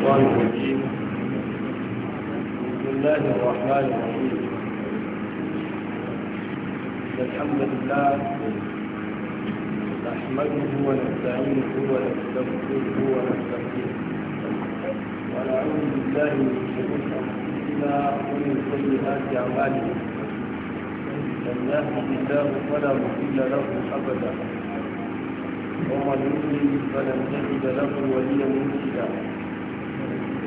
الشيطان الرجيم بسم الله الرحمن الرحيم الحمد لله نحمده ونستعينه ونستغفره ونستغفره ونعوذ بالله من شرور انفسنا ومن سيئات اعمالنا من يهده الله فلا مضل له ابدا ومن يضلل فلن تجد له وليا مرشدا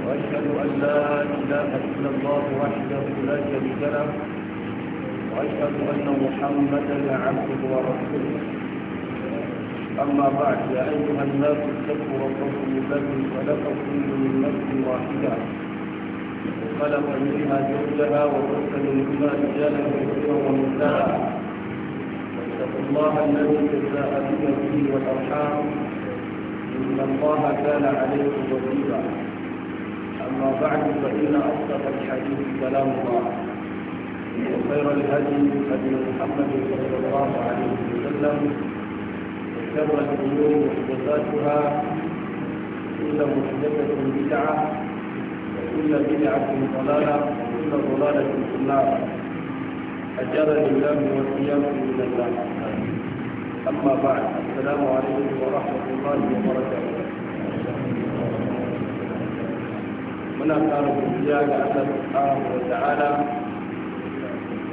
وأشهد أن لا إله إلا الله وحده لا شريك له وأشهد أن محمدا عبده ورسوله أما بعد يا أيها الناس اتقوا ربكم الذي خلقكم من نفس واحدة خلق منها زوجها وبث منهما رجالا كثيرا ونساء واتقوا الله الذي تساءلون به والأرحام إن الله كان عليكم وكيلا أما بعد فإن أصدق الحديث كلام الله وخير الهدي هدي محمد صلى الله عليه وسلم وشر الأمور محدثاتها كل محدثة بدعة وكل بدعة ضلالة وكل ضلالة في النار أجر الإمام والقيام من الله أما بعد السلام عليكم ورحمة الله وبركاته muna fara godiya ga Allah subhanahu wa ta'ala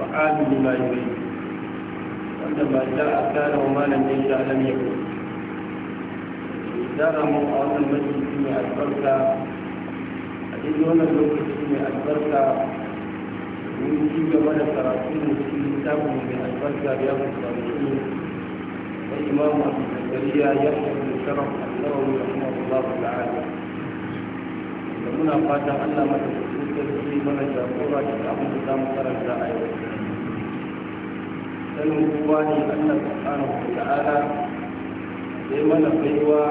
wa alihi ma yuri wanda ba ta asara wa malam ne ya alam ya ko dara mu a wannan majalisi mai albarka a cikin wannan lokaci mai albarka mun ci gaba da karatu mu cikin littafin mai albarka ya mu karatu da imamu abu zakariya ya shi sharaf annabawi rahimahullahu ta'ala muna fatan Allah mata sarki mana jagora da abin da za mu da a yau sanin kowa ne Allah subhanahu wa ta'ala ya mana baiwa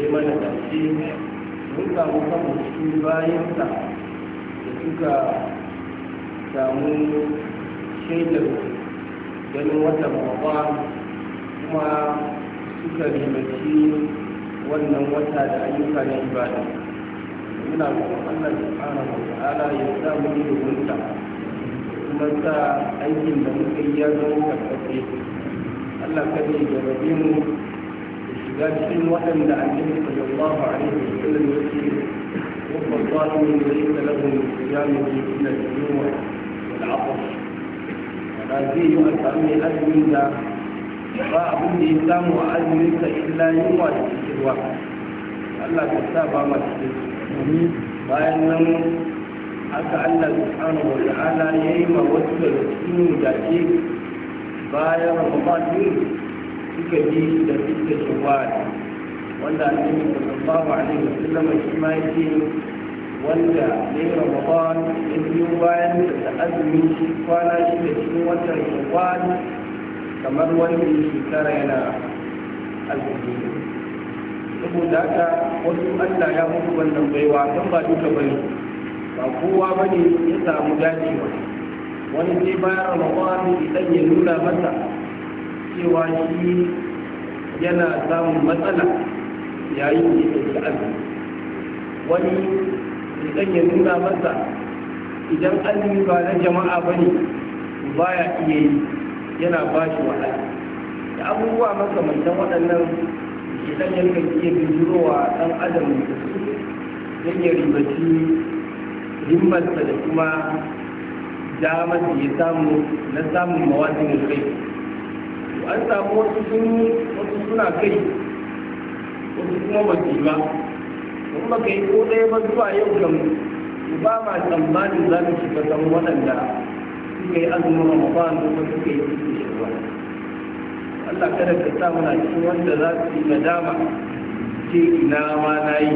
ya mana dace mun samu kanmu cikin bayansa da suka samu shaidar ganin wata babba kuma suka rimaci wannan wata da ayyuka na ibada ina roƙon Allah subhanahu wa ta'ala ya sa mu yi rubuta kuma sa aikin da muka yi ya zama karkace Allah kada ya rabe mu shiga cikin waɗanda annabi sallallahu alaihi wa sallam ya ce وفى الظالمين وليس لهم صيام الا الجوع والعطش فهذه الامر ازمن ذا فاعبد الاسلام وازمنك الا يوم الشهوه الله تتابع ما تشتهي bayan nan aka Allah subhanahu wa ta'ala ya yi ma wasu da cikin da ke bayan Ramadan suka yi da suka shawar wanda a annabi sallallahu alaihi wasallam shi ma yake wanda ne Ramadan ya biyo bayan da azumi shi kwana shi da cikin watan shawar kamar wanda ya shekara yana azumi saboda haka wasu Allah ya mutu wannan baiwa don ba duka ne, ba kowa ba ne ya samu dacewa wani sai bayan Ramadan idan ya nuna masa cewa shi yana samun matsala yayin da ya azumi wani idan ya nuna masa idan azumi ba na jama'a ba ne ba ya iya yi yana ba shi wahala da abubuwa makamantan waɗannan idan yankan iya wa ɗan adam yake ribaci himmarsa da kuma damar da ya samu na samun mawazin kai an samu wasu sun wasu suna kai wasu kuma baki ba kuma baka yi ko ɗaya ba zuwa yau kam ba ma tsammanin za mu shiga samu waɗanda suka yi azumin ramadan kuma suka yi suke shirwa Allah kada ka sa muna cikin wanda za su yi nadama ce ina ma na yi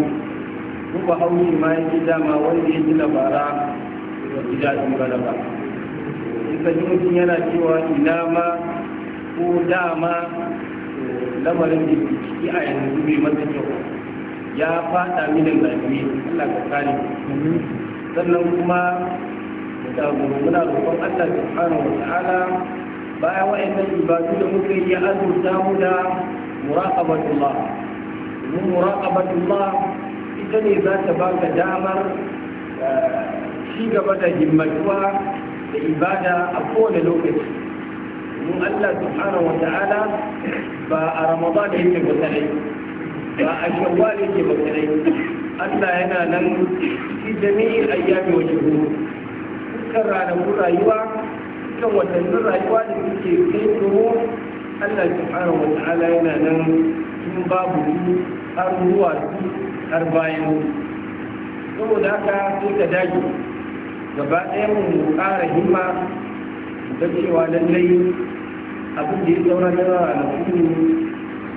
ko ba haushi ma ya dama wanda ya ji labara ba ji daɗin bana ba in ka ji mutum yana cewa ina ma ko dama lamarin da ke ciki a yanzu bai masa kyau ya fada mini lafiya Allah ka kare sannan kuma da muna roƙon Allah subhanahu wa ta'ala bayan wa'annan ibadu da muka yi ya azurta mu da muraqabatullah mu muraqabatullah ita ne za ta baka damar eh, ci gaba da himmatuwa da ibada a kowane lokaci mun Allah subhanahu wa ta'ala ba a ramadan yake ba kadai ba a shawwal yake ba kadai Allah yana nan fi jami'in ayyami wa shuhur dukkan ranakun rayuwa dukkan watannin rayuwa da suke kai tsoro Allah subhanahu wa yana nan tun babu su har ruwa su har bayan saboda haka sai ka dage gaba ɗaya mu ƙara himma da cewa lallai abin da ya saura na rawa na kuma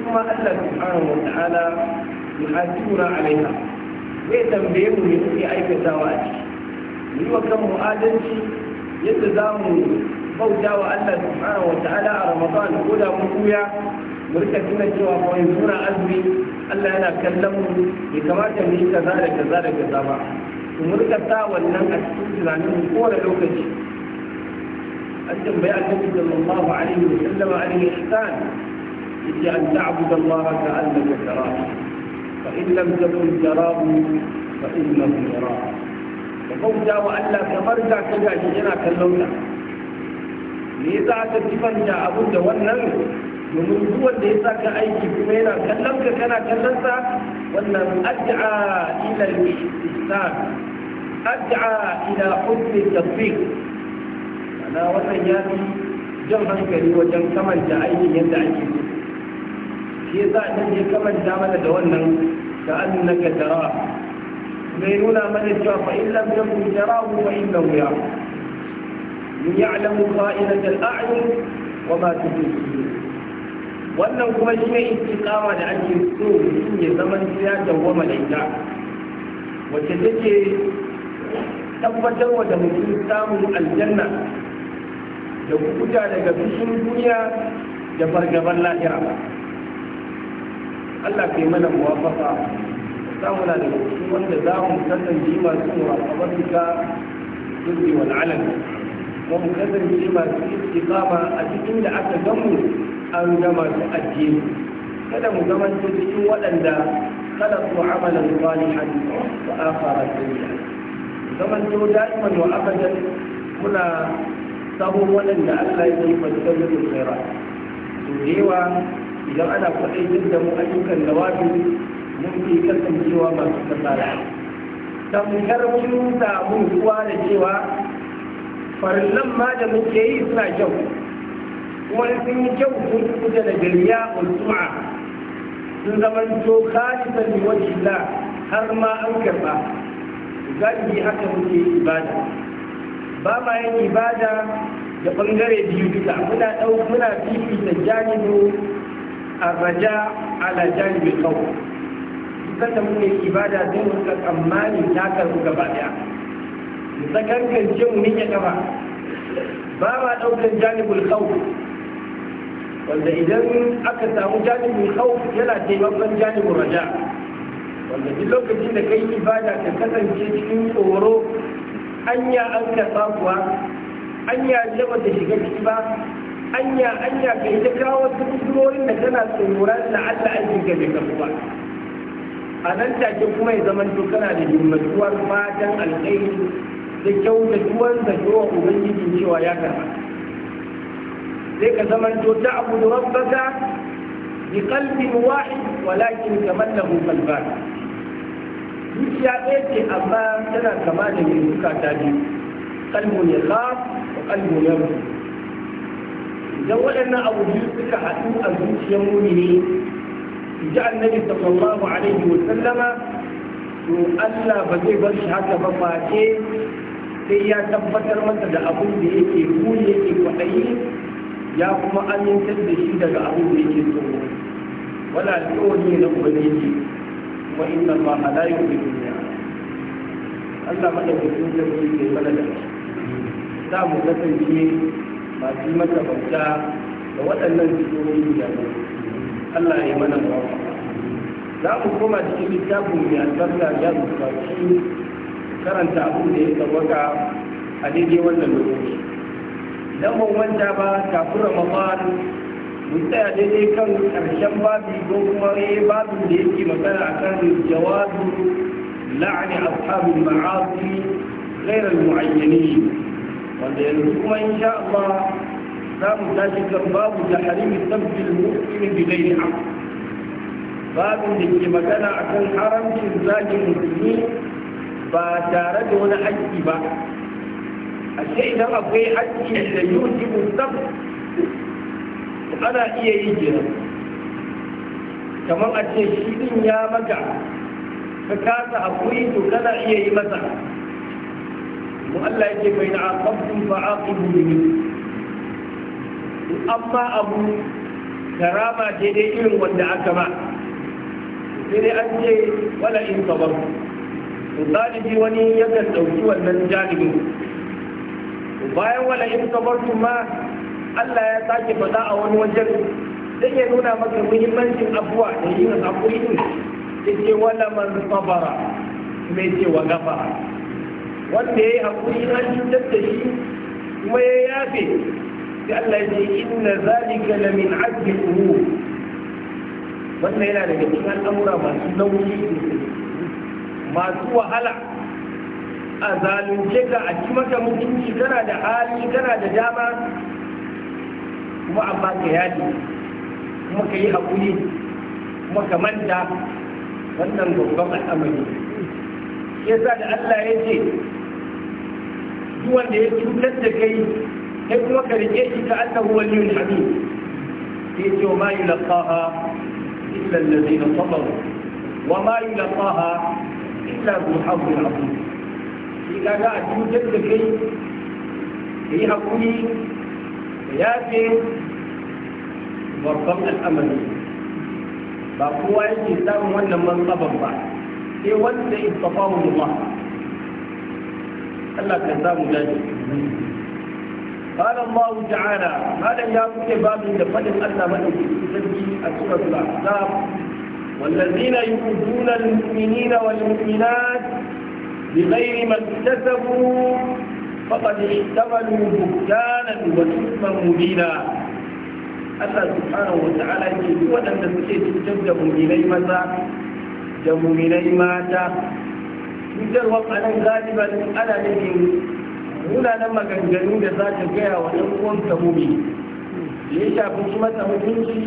kuma Allah subhanahu ya ta'ala yuhasibuna alaiha zai tambaye mu ne kuke aikatawa a ciki yi wa kan mu adalci yadda za mu bauta wa Allah subhanahu wa ta'ala a Ramadan ko da mun kuya mu rika tuna cewa fa yanzu na azumi Allah yana kallon mu bai kamata mu yi kaza da kaza da kaza ba mu rika sa wannan a cikin tunanin mu kowane lokaci an tambaya annabi sallallahu alaihi wa sallama an ihsan yace an ta'budu Allah ka annaka tarahu fa in lam takun tarahu fa innahu yarahu da bauta wa Allah kamar ga ka gashi yana kallon ka me yasa aka sifanta abin da wannan domin duk wanda ya sa ka aiki kuma yana kallon ka kana kallon sa wannan ad'a ila al-ihsan ad'a ila hubb al-tasfiq ana wannan ya fi jan hankali wajen kamanta aikin yadda ake so shi yasa idan ya kamanta mana da wannan ka annaka tara mai nuna mana cewa fa in lam yakun yarahu fa innahu yarahu min ya'lamu kha'inat al-a'yun wa ma tubdi wannan kuma shi ne istiqama da ake so mutum ya zama ya dawwama da ita wacce take tabbatar wa da mutum samun aljanna da kuta daga fushin duniya da fargaban lahira Allah kai mana muwafaka samuna da su wanda za mu kasance masu mu'amalarka duk wal alam wa mu kasance masu istiqama a cikin da aka gamu an gama su addini kada mu zama cikin waɗanda خلقوا عملا صالحا واخر سيئا zaman to da'iman wa abadan muna sabon waɗanda Allah ya yi fasalar khaira to da yawa idan ana kwaɗaitar da mu ayyukan da wajibi muke kasancewa masu kasala tamkar mun samu kuwa da cewa farillan ma da muke yi suna kyau wani sun yi kyau sun kuje da gariya a suma sun zama to khalisan li wajhillah har ma an karba zaki haka muke yi ibada ba ma yin ibada da bangare biyu duka muna ɗau muna fifita janibu a raja ala janibu kawai sanda muke ibada zai rika tsammani ta karu gaba daya kan ce mu miƙe gaba ba ma ɗaukar janibul khawf wanda idan aka samu janibul khawf yana taimakon janibul raja wanda duk lokacin da kai ibada ka kasance cikin tsoro anya an karɓa kuwa anya ce ba ta shiga ciki ba anya anya ka yi ta kawo wasu kusurorin da tana tsoron da Allah an shiga bai ba a nan take kuma ya zama to kana da himmatuwar fatan alkhairi da kyautatuwar da yawa ubangiji cewa ya karɓa. sai ka zama to ta abu da rabbaka bi qalbin wahid walakin kaman lahu qalban zuciya ɗaya ce amma tana kama da mai zukata biyu qalbun yakhaf wa qalbun yarju idan waɗannan abu biyu suka haɗu a zuciyar mumini ji annabi sallallahu alaihi wa sallama to Allah ba zai bar shi haka ba face sai ya tabbatar masa da abin da yake kuri yake kwaɗayi ya kuma amintar da shi daga abin da yake tsoro wala alƙawari na ubangiji wa inna Allah sarki ke mana da shi za mu kasance masu mata bauta da waɗannan sifofi da Allah ya mana ba za mu koma cikin littafin mai albarka ya bukaci karanta abin da ya a daidai wannan lokaci dan ban manta ba kafin ramadan mun tsaya daidai kan karshen babi ko kuma eh, babin da yake magana akan jawabi la'ani ashabul ma'asi ghairal mu'ayyanin wanda yanzu kuma insha Allah zamu tashi kan babu tahrimi sabbil muslim bi ghairi haqq babin da ke magana akan haramcin zagin musulmi ba tare da wani haƙƙi ba ashe idan akwai haƙƙi da yujibu sab ana iya yi kenan kamar a ce shi din ya maka kasa hakuri to kana iya yi masa mu yake bai na aqabtum fa aqibu amma abu karama daidai irin wanda aka ba sai dai an ce wala in sabar to dalibi wani yakan ɗauki wannan jalibin bayan wala in sabar ma Allah ya sake faɗa a wani wajen dan ya nuna maka muhimmancin abuwa da yin hakuri din yace wala man sabara kuma yace wa gafara wanda yayi hakuri an cutar da shi kuma ya yafe sai Allah ya ce inna zalika la min ajli umur wannan yana daga cikin al'amura masu nauyi masu wahala a zalunce ka a ci maka mutunci kana da hali kana da dama kuma amma ka yadi kuma ka yi haƙuri kuma ka manta wannan babban al'amari yasa da Allah ya ce duk wanda ya cutar da kai ابن وكر الجيش كأنه ولي الحبيب إذ ما يلقاها إلا الذين صبروا وما يلقاها إلا ذو حظ عظيم إذا لا يوجد شيء في عقله ياتي مرتبط الأمل فهو الإسلام وأن من صبر بعد في إيه وقت اصطفاه الله الله كذاب ذلك قال الله تعالى هذا يا كتب باب لفضل الله من يجي سورة الأحزاب والذين يؤذون المؤمنين والمؤمنات بغير ما اكتسبوا فقد احتملوا بهتانا وإثما مبينا الله سبحانه وتعالى يقول أن تسجد تبدأ إليه متى da muminai mata cutarwa a nan galiban ana nufin munanan maganganu da za ta gaya wa ɗan uwanka mumi da ya shafi shi masa hukunci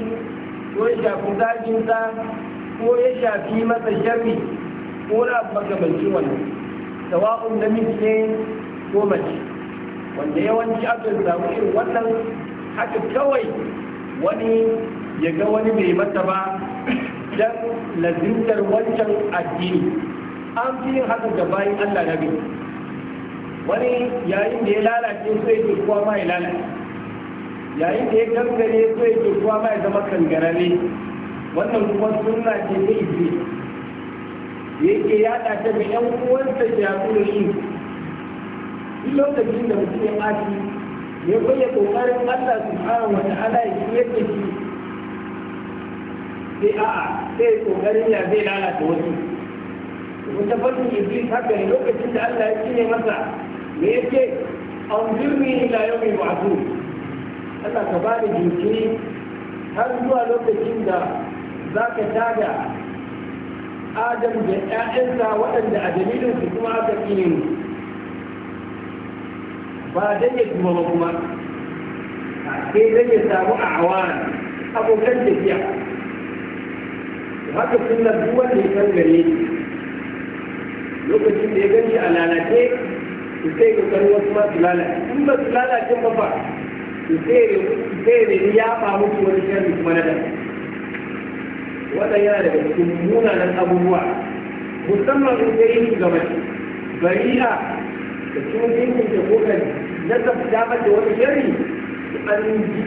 ko ya shafi zaginsa ko ya shafi masa sharri ko na abu makamancin wannan sawa'un namiji ne ko mace wanda yawanci akan samu irin wannan haka kawai wani ya ga wani bai mata ba don lazimtar wancan addini an fi yin haka da bayan allah na biyu wani yayin da ya lalace sai ya kuwa ma ya lalace yayin da ya gangare sai ya kuwa ma ya zama kangarare wannan kuma suna ce ta Ya yake yada ta ga yan uwansa da shi duk lokacin da mutum ya ɓaci ya bayyana ƙoƙarin Allah fara wa ala ya kiyar da shi sai a'a sai ƙoƙarin ya zai lalata wasu wata fasin iblis haka ne lokacin da Allah ya cire masa me yake an birni ila yau mai ba'adu Allah ka bada jinkiri har zuwa lokacin da za ka tada adam da 'ya'yansa waɗanda a dalilinsu kuma aka ƙi ba dan ya kuma ba kuma sai dan ya samu a awan abokan tafiya haka sunnar duk wanda ya san gare lokacin da ya gani a lalace su sai ga kan wasu ma su lalace in ba su lalace ba ba su sai ne ya faru su wani sharri kuma na da wannan yana daga cikin munanan abubuwa musamman in ya yi ga Bari bari'a da cikin jinkin da kokan na tabbata da wani sharri an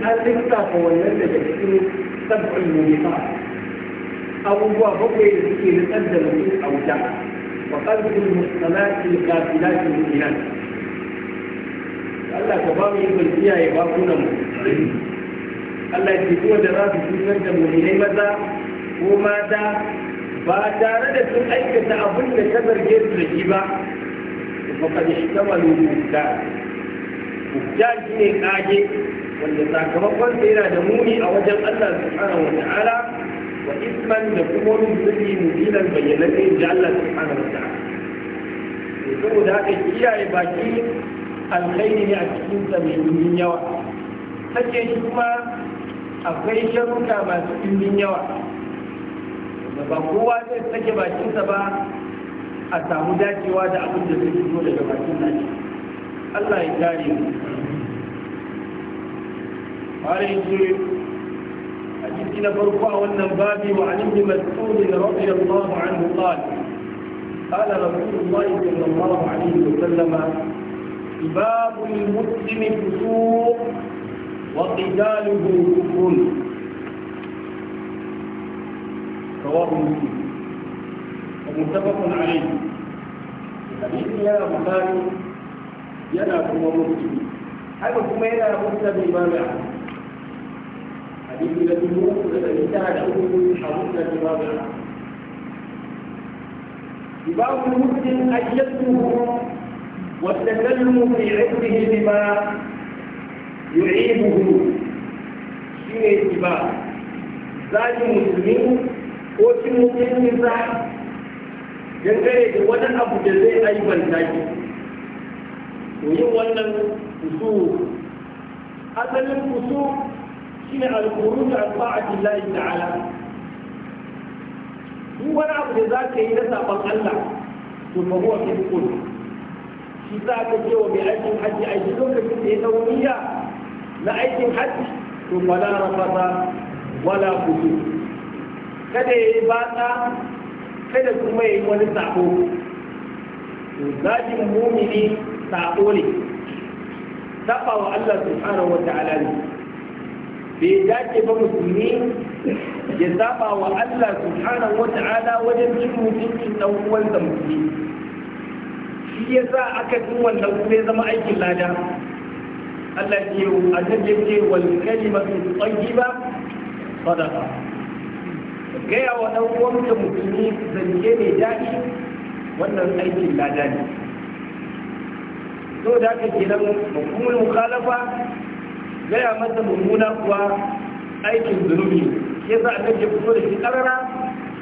an lissafa wannan daga cikin sabbin mulifa abubuwa bakwai da suke nutsar da mutum a wuta وقلب المسلمات القابلات للإيمان Allah ka ba mu yi mai kiyaye bakunan mu Allah ya kuma da za su da mu'minai maza ko mata ba tare da sun aikata abin da ta zarge su da shi ba ba ka ishtamalu buka buka shi ne kage wanda sakamakon yana da muni a wajen Allah subhanahu wa ta'ala wa isman da kuma wani zuri mujinan bayyananne ne ji Allah subhanahu wa da saboda haka kiyaye baki alkhairi ne a cikin sa mai dimbin yawa sake shi kuma akwai sharuka masu dimbin yawa da ba kowa zai sake bakinsa ba a samu dacewa da abin da zai fito daga bakin nashi Allah ya kare mu. Wani حديث برقع والنبابي وعن ابن مسعود رضي الله عنه قال قال رسول الله صلى الله عليه وسلم باب المسلم فسوق وقتاله كفر رواه مسلم ومتفق عليه حديث يا بخاري يا ابو مسلم هذا كما يرى مسلم امام احمد حديث لا تنوه فإنتهى شؤون حرمنا ببابها بباب المسلم أن يتلوه والتكلم في علمه بما يعيبه شيء اتباع ذات مسلمين ko cin mutumin sa dangane da wani abu da zai aibanta shi to yin wannan kusur asalin kusur من الخروج عن طاعة الله تعالى هو نعبد ذاك إذا سأقل الله ثم هو في القلب شتاك جوا بأجل حج أجلوك في الهوية لأجل حج ثم لا رفض ولا خجوك kada ya yi bata kada kuma ya yi wani sako الله سبحانه وتعالى ne bai dace ba musulmi ya saba wa Allah subhanahu wa ta'ala wajen cin mutuncin dan uwansa musulmi shi ya sa aka cin wannan kuma ya zama aikin lada Allah ya yi annabi yake wal kalimatu tayyiba sadaqa gaya wa dan uwanka musulmi zance mai daɗi wannan aikin lada ne to da haka kenan hukumul mukhalafa gaya masa mummuna kuwa aikin zunubi ya za a nan ya fito da shi karara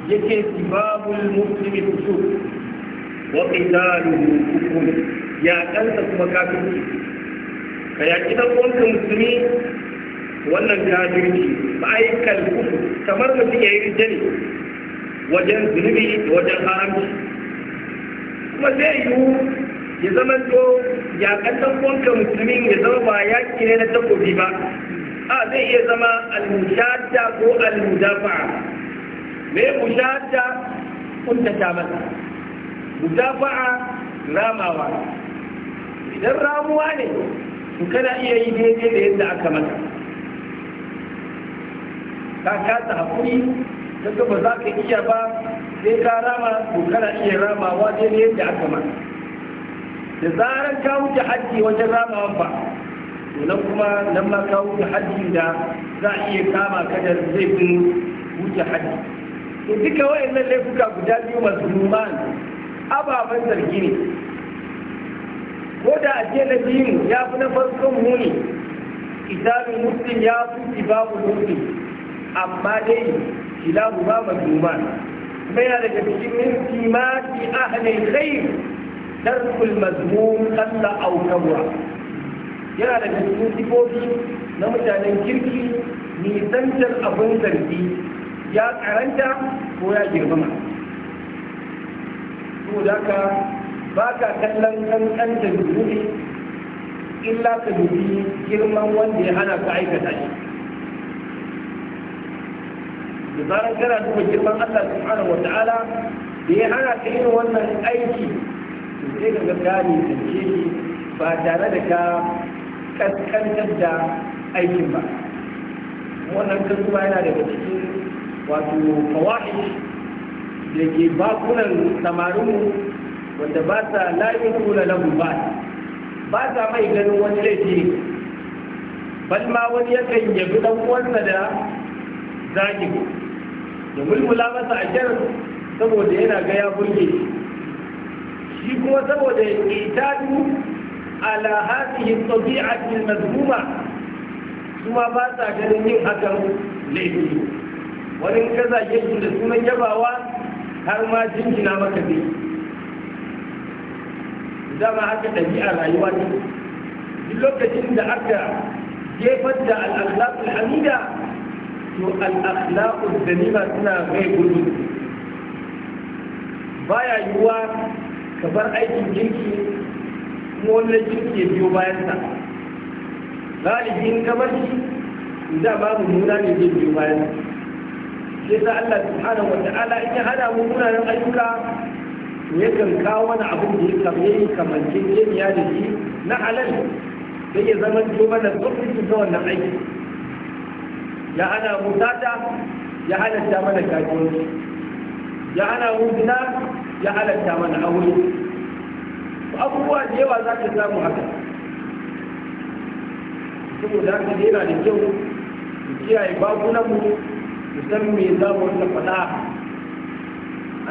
ya ce sibabul muslimi fito wa qitalu hukum ya kansa kuma kafirci ka yaki dan uwanka musulmi wannan kafirci ba a yi kalkufu kamar mutum ya yi rijali wajen zunubi wajen haramci kuma zai yiwu ya zama to ya dan kwanke musulmi ya zama ba ya ne na takobi ba a zai iya zama al-mushadda ko al-mudafa'a me mushadda kuntata masa mudafa ramawa idan ramuwa ne su kana iya yi daidai da yadda aka masa ka kasa hakuri ta ba za ka iya ba sai ka rama to kana iya ramawa daidai yadda aka masa da zarar ka wuce hajji wajen ramawan ba nan kuma nan ma ka wuce hajji da za a iya kama ka da fi wuce hajji to duka nan laifuka guda biyu masu numan ababen zargi ne ko da a ce na biyun ya fi na farko muni kitabin muslim ya fi babu muslim amma dai kilabu ba masu numan. yana daga cikin min timati ahalin khair tarkul mazmum qalla aw kabura yana da cikin sifofi na mutanen kirki nisantar abin zargi ya karanta ko ya girmama to da ka ba ka kallon kankanta zunubi illa ka dubi girman wanda ya hana ka aikata shi da zaran kana duba girman Allah subhanahu wa ta'ala da ya hana ka yin wannan aiki sai ka ga ka nisance shi ba tare da ka kaskantar da aikin ba wannan kasuwa yana daga cikin wato fawahish da ke bakunan samarinmu wanda ba sa layin kula lahu ba ba sa mai ganin wani laifi ne bal ma wani yakan yabi dan uwansa da zagi da mulmula masa a saboda yana ga ya burge shi shi kuma saboda itadu ala hadhihi tabi'ati al-mazmuma kuma ba sa ganin yin hakan laifi wani ka zage shi da sunan yabawa har ma jingina maka zai dama haka ɗabi'a rayuwa ne duk lokacin da aka jefar da al'akhlaqul hamida to al'akhlaqul zanima suna mai gudu baya yiwuwa ka bar aikin kirki kuma wannan kirki ya biyo bayansa galibi in kamar bar shi da babu nuna ne zai biyo bayan bayansa sai sa Allah subhanahu wa ta'ala in ya hada mu munanan ayyuka yakan kawo wani abin da ya yi kamancin jami'a da shi na halal sai ya zama to mana tsoffin ta wannan aiki ya hana mu sata ya halatta mana kasuwanci ya hana mu zina ya halatta mana aure abubuwa da yawa za ka samu haka saboda haka yana da kyau mu kiyaye bakunan mu mu san me za mu wanda faɗa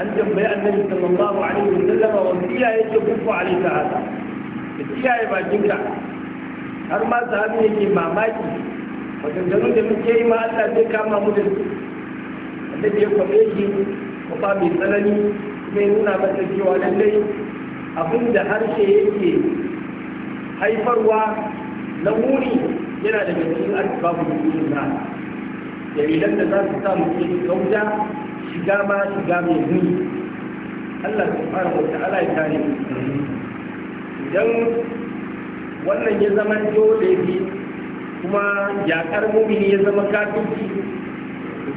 an tambayi annabi sallallahu alaihi wa sallama wasiya yake kuku alaihi ta'ala da kiyaye bakinka har ma sahabi yake mamaki maganganun da muke yi ma Allah zai kama mu da su annabi ya kwabe shi kwafa mai tsanani zai nuna masa cewa lallai abin da harshe yake haifarwa na muni yana da cikin asibabu da cikin na idan da za su sa mutum kauta shiga ma shiga mai muni Allah fara wata ala ya tare idan wannan ya zama dole ne kuma yakar mumini ya zama kafirci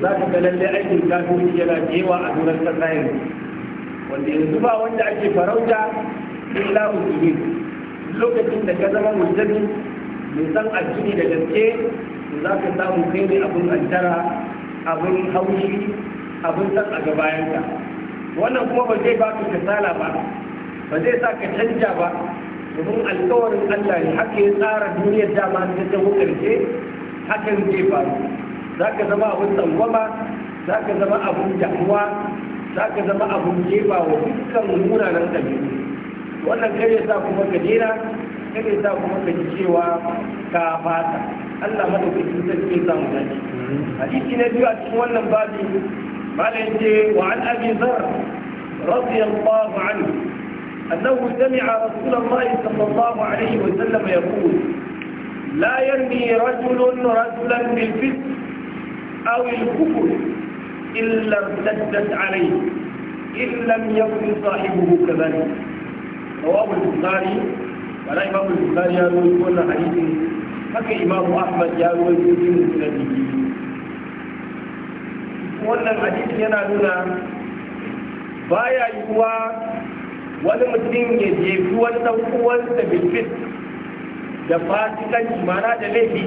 za ka ga lalle aikin kafin yana da yawa a duran kasa yanzu wanda yanzu ba wanda ake farauta illa musulmi lokacin da ka zama musulmi mai san addini da gaske za ka samu kai ne abin antara abin haushi abin san a gabayanka wannan kuma ba zai ba ka kasala ba ba zai sa ka canja ba domin alkawarin Allah ne haka ya tsara duniyar dama ta taho karshe hakan zai faru za ka zama abin tsangwama za ka zama abin damuwa za ka zama abin jefa wa dukkan munanan ɗabi'u wannan kar ya sa kuma ka dena kar ya sa kuma ka ji cewa ka fata Allah madaukakin sarki ya samu dace hadisi na biyu a cikin wannan babi malam ce wa an abi zar radiyallahu anhu أنه سمع رسول الله صلى الله عليه وسلم يقول لا يرمي رجل رجلا بالفسق أو الكفر إلا امتدت عليه إن لم يكن صاحبه كذلك رواه البخاري ولا إمام البخاري يروي كل حديث haka imamu ahmad ya ruwa jirgin musulmi wannan hadisi yana nuna baya yiwuwa wani mutum ya jefi wani ɗan uwansa bilfis da fasikanci mana da laifi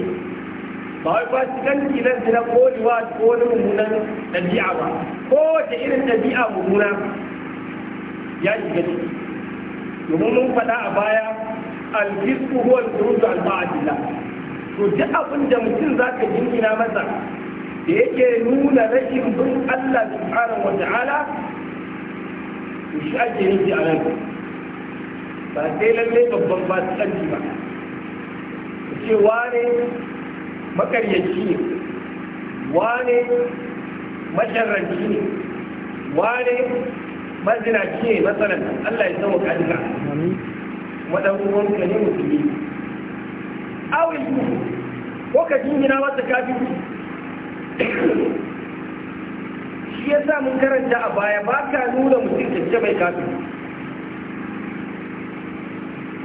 ba wai fasikanci nan na ko liwa ko wani mummunan ɗabi'a ba kowace irin ɗabi'a mummuna ya shiga ciki domin mun faɗa a baya alfisku huwa alfurutu al to duk abin da mutum za ka jingina masa da yake nuna rashin bin Allah subhanahu wa ta'ala shi ake nufi a nan ba sai lallai babban fasikanci ba cewa ne makaryaci ne wane masharranci ne wane mazinaci ne matsalan Allah ya zama kadika waɗannan ka ne musulmi awil ko ka jingina masa kafin shi ya sa mun karanta a baya ba ka nuna mutum cance mai kafin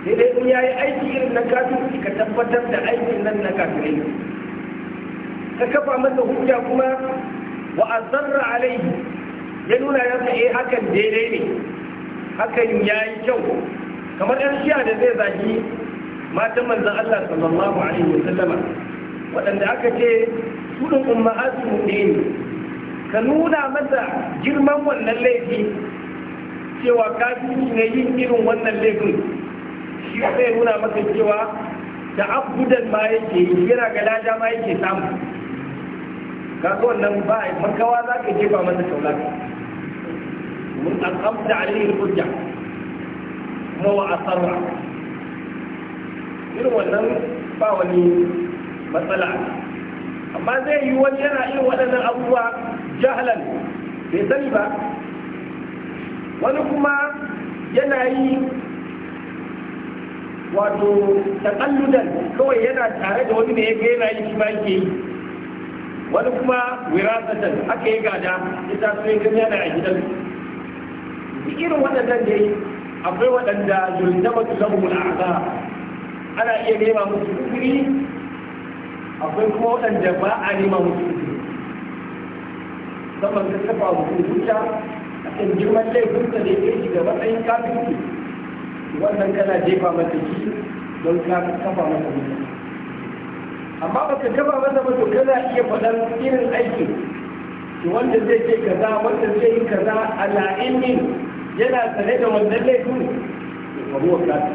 sai dai in ya yi aiki irin na kafin ka tabbatar da aikin nan na kafin kafirai ka kafa masa hujja kuma wa azarra alaihi ya nuna ya sa eh, hakan daidai ne hakan ya yi kyau kamar yan shiya da zai zagi matan manzan Allah sallallahu alaihi wa sallama waɗanda aka ce su ɗin ummahatu mu'minin ka nuna masa girman wannan laifi cewa kafirci na yin irin wannan laifin shi zai nuna maka cewa da abudan ma yake yi yana ga lada ma yake samu ka ga wannan ba a makawa za ka jefa masa shaulaka mun an amsa alaihi hujja kuma wa a asarra irin wannan ba wani matsala amma zai yi wani yana irin waɗannan abubuwa jahalan bai sani ba wani kuma yana yi wato taƙalludan kawai yana tare da wani ne ya ga yana yi shi ma yake yi wani kuma wiratatan aka yi gada ita su yi gani da a gidan su irin waɗannan ne akwai waɗanda yulzama su zama mula'aza ana iya nema musu kuri akwai kuma waɗanda ba a nema musu kuri saman ta kafa mutum hujja a kan girman laifinsa da ya yi da matsayin kafin wannan kana jefa mata shi don ka kafa mata hujja amma ba ka gaba masa ba to kana iya faɗar irin aikin wanda zai ce kaza wanda zai yi kaza a ilmin yana tsare da wannan laifin ba huwa kafi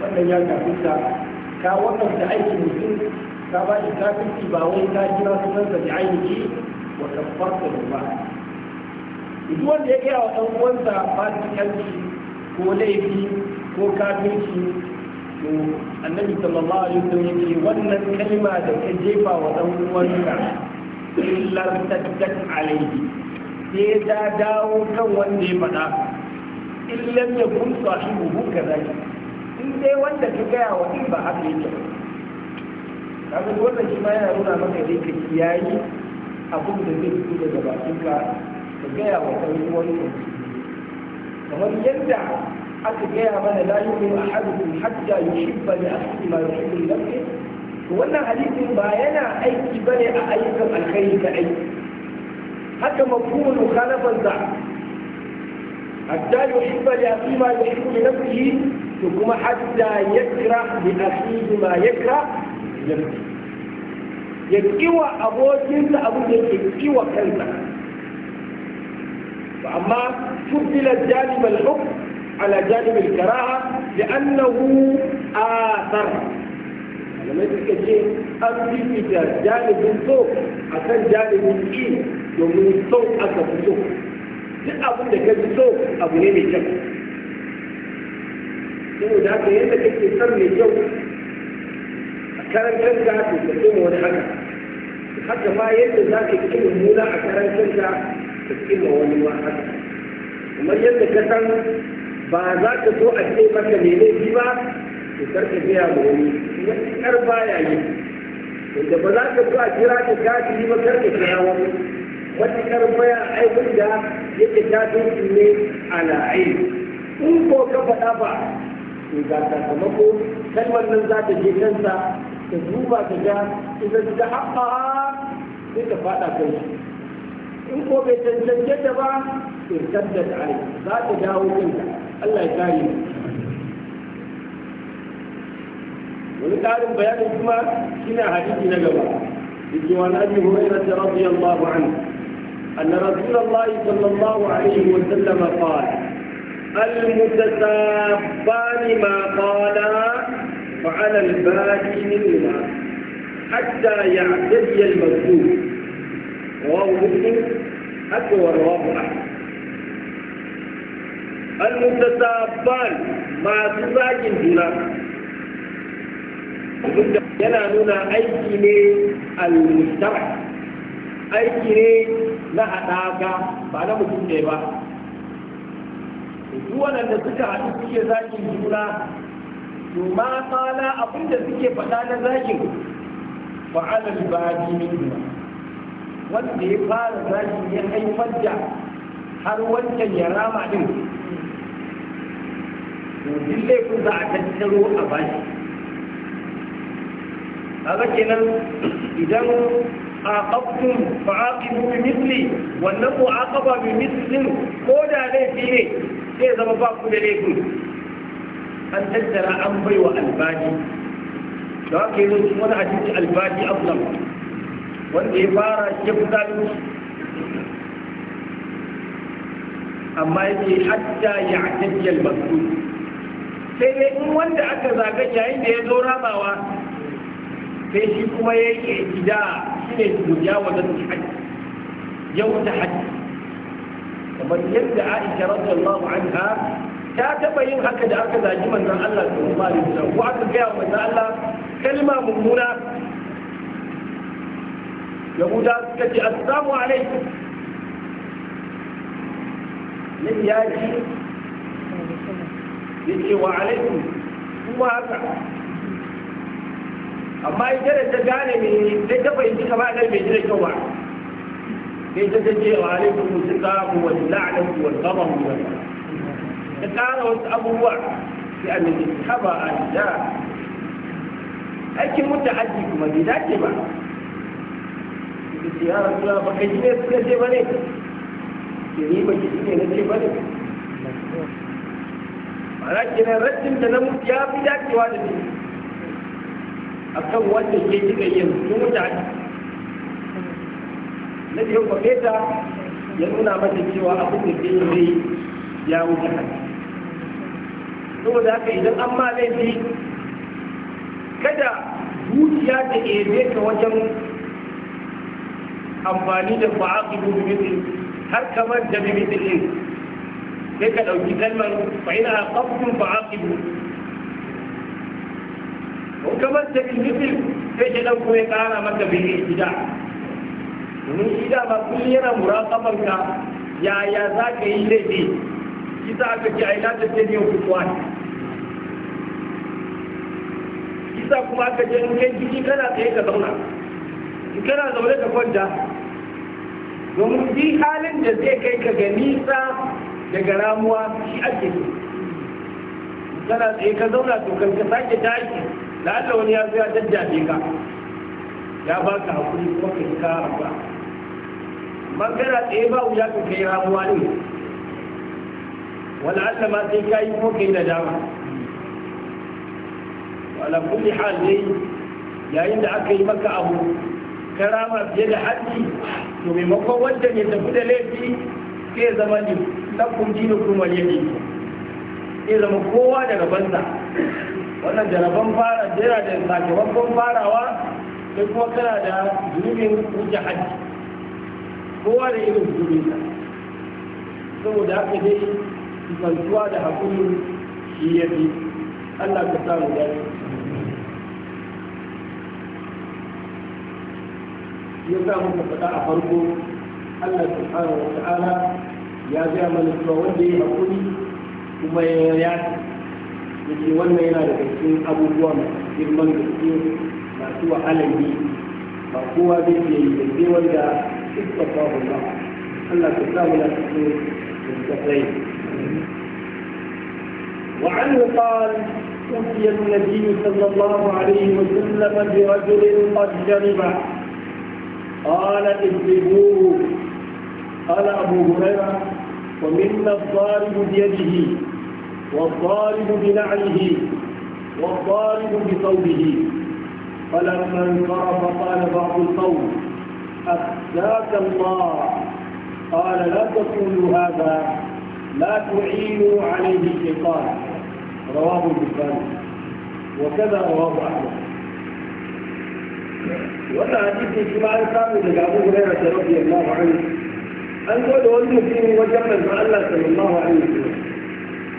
wannan ya ta, ka wannan da aikin mutum ka ba shi kafinci ba wai ka kira sunansa da ainihi wa farko da ba duk wanda ya gaya wa ɗan uwansa ba su yanci ko laifi ko kafinci to annabi sallallahu alaihi wasallam yake wannan kalma da ka jefa wa dan uwanka illar taddat alaihi sai ta dawo kan wanda ya faɗa illan ya kun sahibu kazaki in dai wanda ka gaya wa in ba haka yake ba kaga wannan shi ma yana nuna maka dai ka kiyayi abin da zai fito daga bakinka ka gaya wa ɗan uwanka kamar yadda aka gaya mana la yu'minu ahadukum hatta li ma yuhibbu li wannan hadisin ba yana aiki bane a ayyukan alkhairi kadai haka mafhumul mukhalafan sa hatta yuhibba li akhihi ma yuhibbu li nafsihi to kuma hatta yakra li akhihi ma yakra ya kiwa abokinsa abin da ke kiwa kansa amma tubdila jalibal hukm على جانب الكراهة لأنه آثر لما تكتشف أمشي إلى جانب الصوت أكن جانب الإيه domin son aka fi so duk abin da ka fi so abu ne mai kyau saboda haka yadda kake son mai kyau a karan kanka to ka wani haka haka ma yadda za ka ƙi mummuna a karan ka ka ƙi wani ma haka kamar yadda ka san ba za ka so a ce maka ne ne ba ka karka biya ma wani wani kar baya yi wanda ba za ka so a jira ka yi ba karka kira wani kar baya aikin da yake su ne a la'ai in ko ka faɗa ba to ga sakamako kalmar nan za ta je kansa ka duba ka ga idan ta haɓa sai ka faɗa kan shi in ko bai cancanta ta ba irtar da ta za ta dawo kanta Allah ya kare mu wani ƙarin bayanin kuma shine hadisi na gaba yake wa nabi hurairah radiyallahu anhu أن رسول الله صلى الله عليه وسلم قال المتسابان ما قالا وعلى الباقي منهما حتى يعتدي المكتوب رواه مسلم حتى ورواه أحمد al-mutasabban masu zagin juna yana nuna aiki ne al-mustara aiki ne na haɗaka ba na mutum ɗaya ba duk waɗanda suka haɗu suke zagin juna to ma tsala abinda suke faɗa na zagin fa'ala libadi min juna wanda ya fara zagin ya haifar da har wancan ya rama din to duk kun za a tattaro a bashi a kaga nan idan aqabtum fa aqibu bi mithli wannan ko mu'aqaba bi mithlin ko da laifi ne sai zama ba ku da laifin an tattara an bai wa albaji da haka yi zuci wani hadisi albaji ablam wanda ya fara shi ya fi zalunci amma yake hatta ya ajajjal masu sai dai in wanda aka zaga yayin da ya zo rabawa sai shi kuma ya yi ida shi ne duniya wajen hajji yau wuce hajji kamar yadda aisha radiyallahu anha ta taba yin haka da aka zagi manzon Allah sallallahu alaihi wasallam ko aka gaya wa manzon Allah kalma mummuna yahuda suka ce assalamu alaikum ya ji yake wa alaikum kuma haka amma ita da ta gane ne sai ta fahimci kama da bai jira kyau ba sai ta ce wa alaikum musuka wa wani wa qamam wa ta kara wasu abubuwa sai a mai taba a da aikin mutta haji kuma bai dace ba ya rasuwa ba kai ne suka ce ba ne ke ni ba ki ne na ce ba ne ana rashin da na mutu ya fi dacewa da ni a kan wanda ke kika yin sun wuce ne na biyu kwafeta ya nuna mata cewa abin da ke yi ya wuce haji saboda haka idan an ma laifi kada zuciya ta ebe ka wajen amfani da ba'aƙi har kamar da bimitin sai ka ɗauki kalmar fa ina aqabtum fa aqibu ko kamar ta ilmisil sai ka ɗauko ya ƙara maka bai ida domin ida ba kullum yana muraƙabar ka ya za ka yi laifi kisa aka ce ai lata ce biyu kutuwa kisa kuma aka ce in kai jiki kana tsaye ka zauna in kana zaune ka kwanta domin bi halin da zai kai ka ga nisa daga ramuwa shi ake so kana tsaye ka zauna to ka sake tashi da Allah wani ya zo ya ka ya ba ka hakuri kuma ka yi kara ba amma kana tsaye ba wuya ka kai ramuwa ne wani Allah ma sai ka yi kuma ka yi dama wala kulli hal dai yayin da aka yi maka abu karama fiye da haddi to maimakon wanda ya tafi da laifi sai zama ne kuma ne ne sai zama kowa da banza wannan jaraban fara jira da sakamakon farawa sai kuma kana da zunubin wuce hajji kowa da irin zunubinsa saboda haka dai kusantuwa da hakuri shi ya fi allah ka samu dace ya sa muka faɗa a farko Allah subhanahu wa ta'ala ya ga mana cewa wanda ya hakuri kuma ya yaki yake wannan yana daga cikin abubuwa masu girman gaske masu wahalar yi ba kowa zai iya yi sai wanda istafa Allah Allah ta sa mu cikin mutafai وعنه قال أتي النبي صلى الله عليه وسلم برجل قد شرب قال اضربوه قال أبو هريرة ومنا الضارب بيده والضارب بنعله والضارب بثوبه فلما انصرف قال بعض القوم أخزاك الله قال لا تقولوا هذا لا تعينوا عليه الشيطان رواه البخاري وكذا رواه أحمد وانا hadisi في اجتماع an samu daga رضي الله عنه an zo da wani mutum wajen manzo Allah sallallahu alaihi wasallam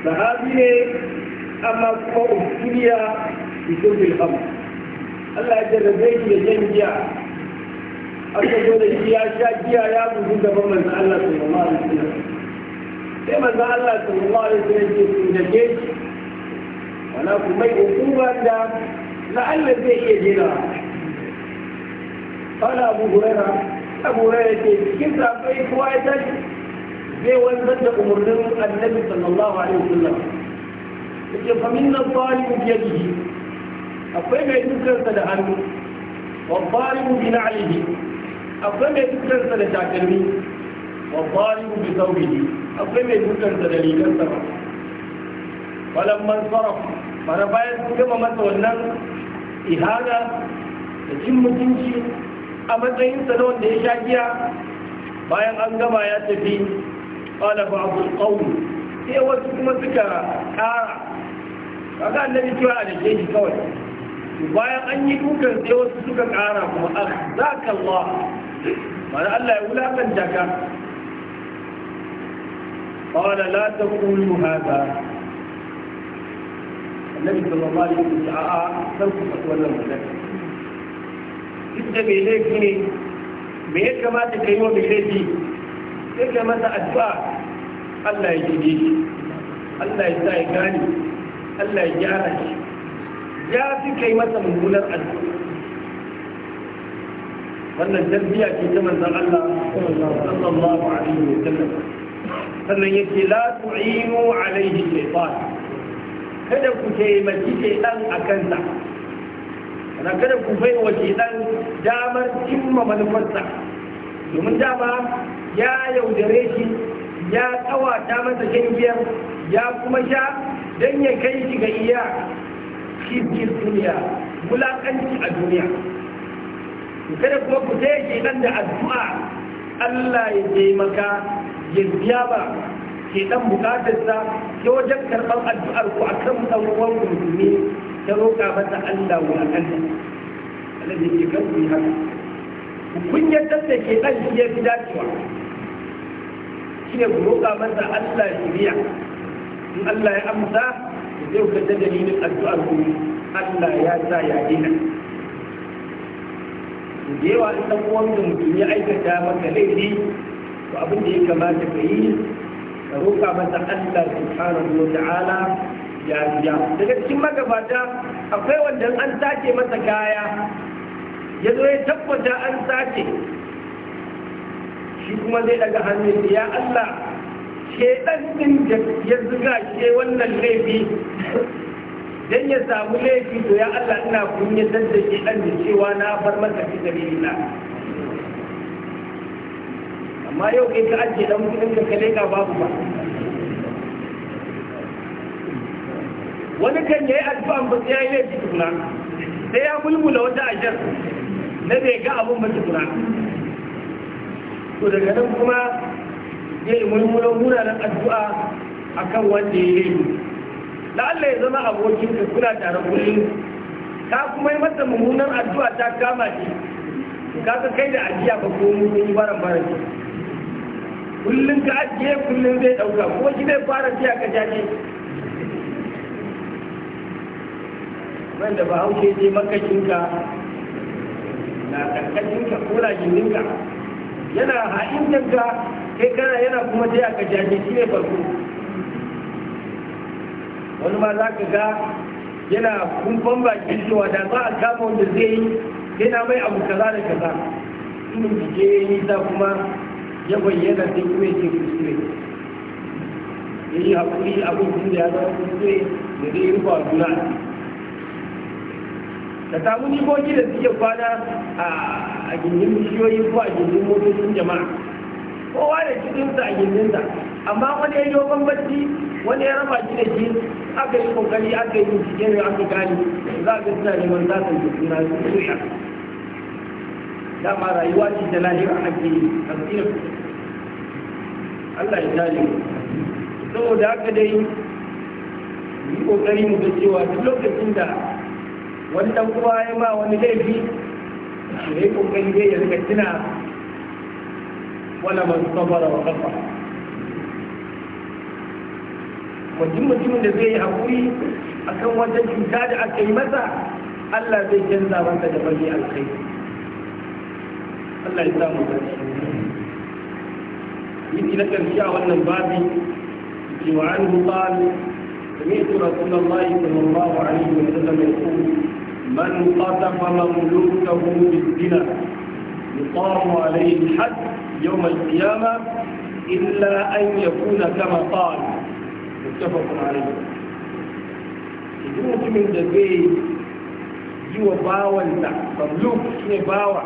sahabi ne amma kuma ubiya bi shurbil khamr Allah ya jarrabe shi da shan giya aka zo da shi ya sha giya ya bugu gaban manzo Allah sallallahu alaihi wasallam sai manzo Allah sallallahu alaihi wasallam ya ce da ke wala kuma hukuma da la'alla zai iya jira قال أبو هريرة abura ya ce cikin sabai kuwa ya tashi zai wanzar da umarnin annabi sallallahu alaihi wasallam yake fa minna zalimu bi yadihi akwai mai dukansa da hannu wa zalimu bi na'lihi akwai mai dukansa da takalmi wa zalimu bi thawbihi akwai mai dukansa da rigarsa ba man sarraf Bana bayan su gama masa wannan ihada da cin mutunci a matsayinsa na wanda ya sha giya bayan an gama ya tafi qala ba'dhu al-qawm sai wasu kuma suka ƙara kaga annabi cewa a dake shi kawai bayan an yi dukan sai wasu suka ƙara kuma akhzaka Allah mana Allah ya wulakanta ka qala la ta taqulu hadha annabi sallallahu alaihi wa sallam a'a san ku wannan magana duk da mai laifi ne me ya kamata ka yi wa mai laifi sai ka masa addu'a Allah ya gide shi Allah ya sa ya gane Allah ya gyara shi ya fi kai masa mummunar addu'a wannan tarbiya ce ta manzon Allah sallallahu alaihi wa sallam sannan yake la tu'inu alaihi shaytan kada ku taimaki shaytan akan sa ana kada ku bai wa shedan damar cimma manufarsa domin dama ya yaudare shi ya ta masa shirgiyar ya kuma sha don ya kai shi ga iya cikin duniya mulakanci a duniya kada kuma ku taya shedan da addu'a Allah ya taimaka ya biya ba dan bukatarsa ya wajen karɓar addu'ar ku akan ɗan uwan ta roƙa mata Allah wa kanta Allah ne ke kan ku haka kunyar da ke ɗan shi ya fi dacewa shi ne ku roƙa mata Allah shiriya in Allah ya amsa zai ku ta dalilin addu'ar ku Allah ya sa ya dina da yawa in ɗan uwan da mutum ya aikata maka laifi to abin da ya kamata ka yi ka roƙa mata Allah subhanahu wa ta'ala yariya daga cikin magabata akwai wanda an sace masa kaya ya zo ya tabbata an sace shi kuma zai daga hannun ya Allah ke dan din ya zuga ke wannan laifi dan ya samu laifi to ya Allah ina kunyatar da dan da cewa na bar masa fi dalilina amma yau kai ka ajiye dan kudin ka kale ka babu ba wani kan ya yi addu'an ba ya yayi laifi tukuna sai ya bulbula wata ajiyar na bai ga abun ba tukuna to daga nan kuma yi mulmulan munanan addu'a akan wanda ya laifi la'alla ya zama abokin ka kula tare kullum ka kuma yi masa mummunan addu'a ta kama shi ka ka kai da ajiya ba ko mun yi baran baran kullum ka ajiye kullum zai dauka ko shi zai fara jiya ka jaje wanda ba haushe je makashinka na karkashinka ko rajininka yana tanka kai kana yana kuma sai aka jaje shi ne farko wani ma za ka ga yana kumfan bakin cewa da za a kama wanda zai yi sai na mai abu kaza da kaza inu jike ya yi za kuma ya bayyana sai kuma ya ce kuskure ya yi haƙuri abin da ya zama kuskure da zai yi rufa duniya ka samu nikoki da suke kwana a gindin bishiyoyi ko a gindin motocin jama'a kowa da cikinsa a gindinsa amma wani ya yi bambanci wani ya raba shi da shi aka yi kokari aka yi cike ne aka gani za a ga suna neman zasan da suna su suya dama rayuwa ce da lahira ake yi tafsir Allah ya tare saboda haka dai yi kokari mu ga cewa duk lokacin da wani dan kuma ya ma wani laifi shi ne kokari dai ya rika tuna wala man sabara wa kafa wajen mutumin da zai yi hakuri akan wata cuta da aka yi masa Allah zai canza masa da bari alkhairi Allah ya samu dace يجي لك الشيء والنبابي وعنه قال سمعت رسول الله صلى الله عليه وسلم يقول من قدم مملوكه بالزنا يقام عليه الحد يوم القيامة إلا أن يكون كما قال متفق عليه يجوز من دبيت يو باوا لا مملوك شنو باوا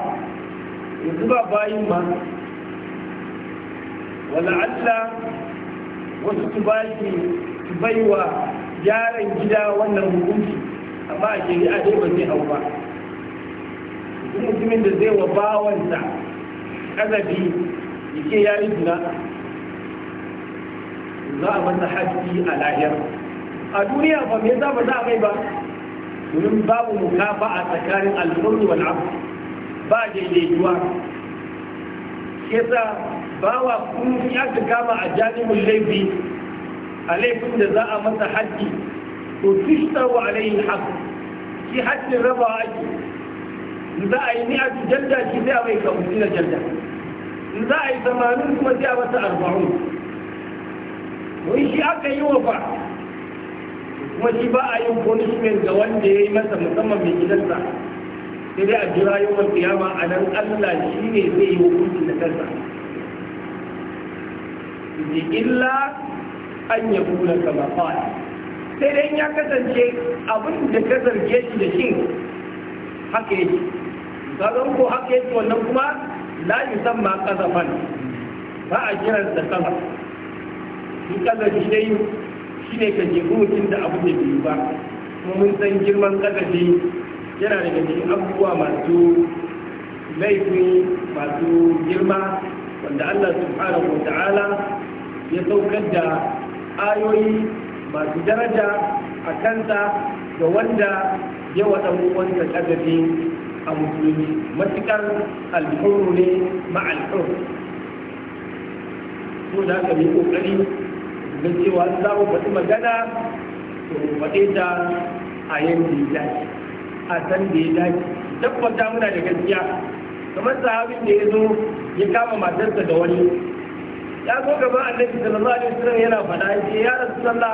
يبقى بايما ولعل وسط باجي تبيوا جارا جدا وانا مقومتي amma a shari'a dai ba zai hau ba duk mutumin da zai wa bawansa kazafi yake ya yi zina za a masa haski a lahiyar a duniya ba me za ba za a mai ba domin babu mukafa a tsakanin alhurri wal abu ba daidaituwa yasa bawa kun ya kama a jami'in laifi a laifin da za a masa haski to tushtaru alaihi haqqu ki haƙƙin raba ake za a yi ni'atu jadda shi sai a mai kamfani na jadda za a yi zamanin kuma sai a mata arba'un wai shi aka yi wa ba kuma shi ba a yin punishment ga wanda ya yi masa musamman mai gidansa sai dai a jira yawan kiyama a nan allah shi ne zai yi hukunci da kansa illa an yakuna kama qala sai dai ya kasance abin da ka zarge shi da shi haka yake kaga ko haka yake wannan kuma la ma qazafan ba a jiran da kama. in kazafi dai ne ka jefu mutum da abu da biyu ba kuma mun san girman kazafi yana daga cikin abubuwa masu laifi masu girma wanda Allah subhanahu wa ta'ala ya saukar da ayoyi masu daraja a kanta ga wanda ya waɗa wanda tagabi a musulmi matuƙar alhuru ne ma'alhuru so da aka yi ƙoƙari da cewa an samu faɗi magana to faɗe ta a yanzu ya dace a san da ya dace tabbata muna da gaskiya kamar sahabin da ya zo ya kama matarsa da wani ya zo gaba annabi sallallahu alaihi wasallam yana faɗa ce ya rasulullah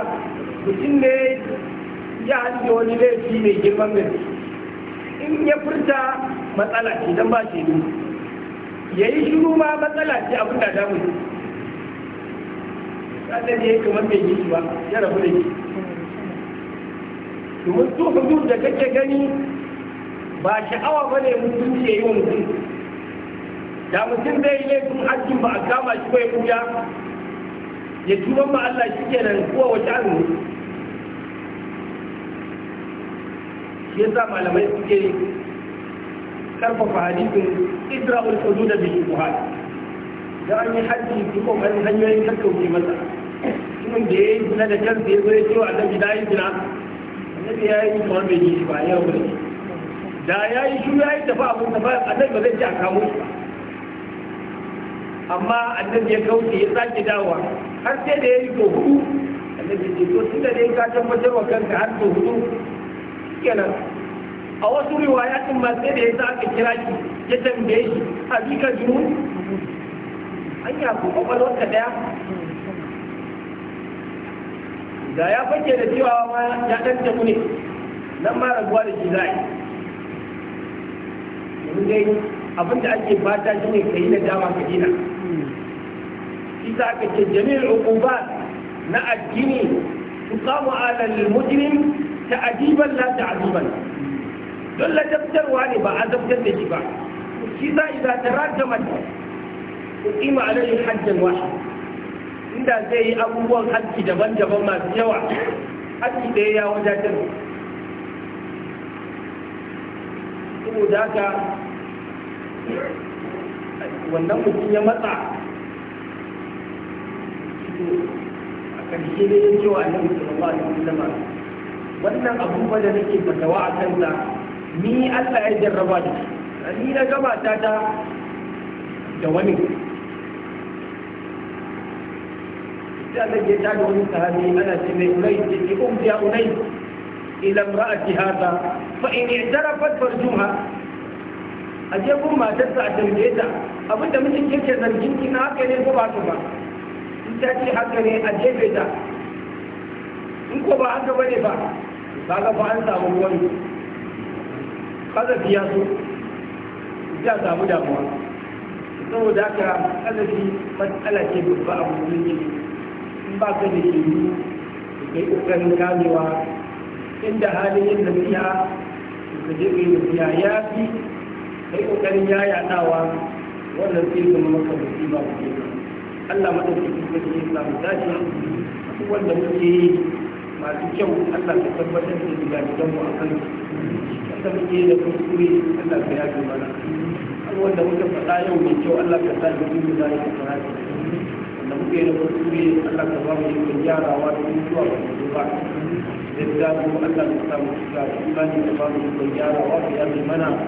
mutum ne ya hanke wani laifi mai girman gaske in ya furta matsala ce dan ba shi ya yi shiru ma matsala ce abin da damu sannan ya yi kamar mai yi ba ya rabu da shi domin su da kake gani ba sha'awa ba ne mutum ya yi wa mutum da mutum zai yi laifin hajjin ba a kama shi ko ya kuya ya tuba ba Allah shi ke nan kuwa wata ne? shi yasa malamai suke karfafa hadisin isra'ul hudud bi shubuhat da an yi hajji su kokarin hanyoyin kakkauce masa mutumin da ya yi suna da kansu ya zo ya cewa annabi da yi suna annabi ya yi kuma bai yi shi ba yau wuri da ya yi shi ya yi tafa abin a annabi ba zai ci a kamo shi ba amma annabi ya kauce ya sake dawa har sai da ya yi hudu annabi ce to tunda dai ka tabbatar wa kanka har to hudu kenan a wasu riwayatin ma sai da ya aka kira shi ya tambaye shi a bika junu hanya ya kwakwalwar ka daya da ya fake da cewa ma ya dan tabu ne nan ma raguwa da shi za a yi yanzu dai abin da ake fata shi ne ka yi na dama ka dina shi za ka ce jami'ar uqubat na addini tuqamu ala al-mujrim la ta'diban don ladabtarwa ne ba azabtar da shi ba shi za idza taratama uqima alayhi hajjan wahid inda zai yi abubuwan hajji daban-daban masu yawa hajji ɗaya ya wadatar wannan mutum ya matsa to a ƙarshe ne ya ce wa annabi sallallahu alaihi wasallam wannan abun fa da nake fatawa a kansa ni Allah ya jarraba da ni na gaba ta ta da wani sai Allah ya tada wani sahabi ana ce mai ulai ce ki umti ya ulai ila ci hada fa in jarabar farjuha a je kun matarsa a tambaye ta abin da mutum yake zargin ki haka ne ko ba su ba ta ce haka ne a jefe ta in ko ba haka bane ba ba kaga ba an samu wani kazafi biya su ya samu damuwa saboda haka kazafi matsala ce babba a musulmi in ba ka da shi kai kokarin kamewa inda halin yin nasiya ka je kai nasiha ya fi kai kokarin yayatawa wannan sai zama maka ba ku ke Allah madaukakin sarki ya samu dace wanda muke masu kyau Allah ta tabbatar da gidajen mu akan wanda muke da kuskure Allah ka yafe mana wanda muke faɗa yau mai kyau Allah ka sa mu yi da ka fara wanda muke da kuskure Allah ka ba mu yi gyarawa da zuwa ga yadda mu Allah ka sa mu shiga imani da ba mu yi gyarawa da yafe mana Allah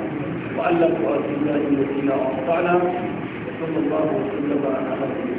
وألف وأسلنا إلى سينا وأخطأنا وصلى الله وسلم على رسول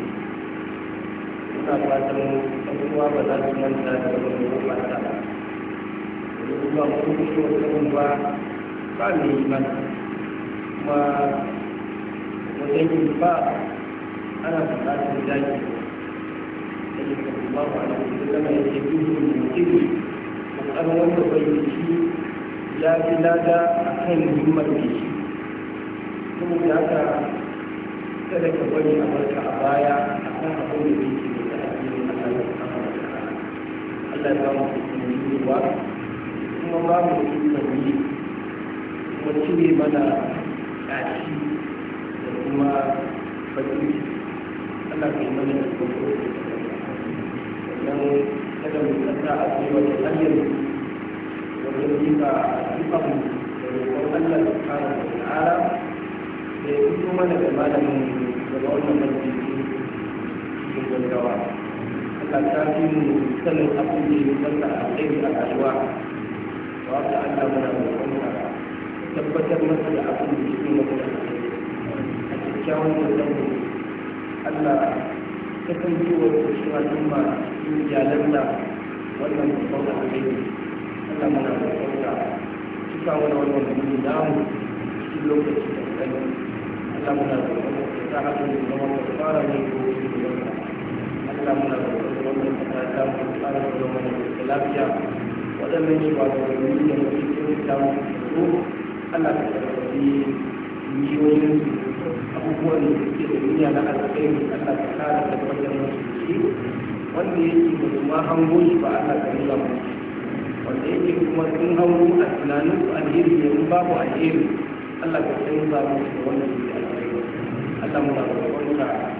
suna fatan abubuwa ba za su manta da wani gobata ba ba mu kuma wani ba ba mu yi mana kuma wajen ba ana buƙatar daji da ke kuma ba da kuma zama ya ce duhu ne mutum ƙoƙarin wanda bai yi shi ya fi lada a kan himmar da shi saboda haka kada ka bari a barka a baya a kan abin da kuma ba mu yi kuma ba mu yi kuma cire mana ƙashi da kuma baki Allah ka yi mana da kuma sannan kada mu tsaka a cewa da hanyar wajen yi ka ifan da roƙon Allah da kara da ta'ala da ya fito mana da malamin da wannan masjidi cikin gaggawa. zukata su yi sanin abin da ya zanta a tsayi a rayuwa ba ta Allah muna roƙonka tabbatar masa da abin da yake masa da a kyakkyawan da zan Allah kasancewar da shi Allah muna roƙonka cika wani wannan mutum namu cikin lokaci da tsani Allah muna roƙonka ta haɗu da zama ka fara ne ko Allah muna da wannan lafiya wadannan shi ba da wani da muke cikin ta mu ko Allah ka karbi abubuwan da suke da duniya na alƙairi Allah ka kare da wannan mutunci wanda yake da kuma hango shi ba Allah ka nuna mu wanda yake kuma sun hango a tunanin su alheri ne in babu alheri Allah ka canza mu da wannan alƙairi Allah muna da wannan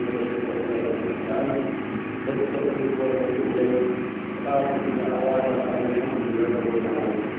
Thank you.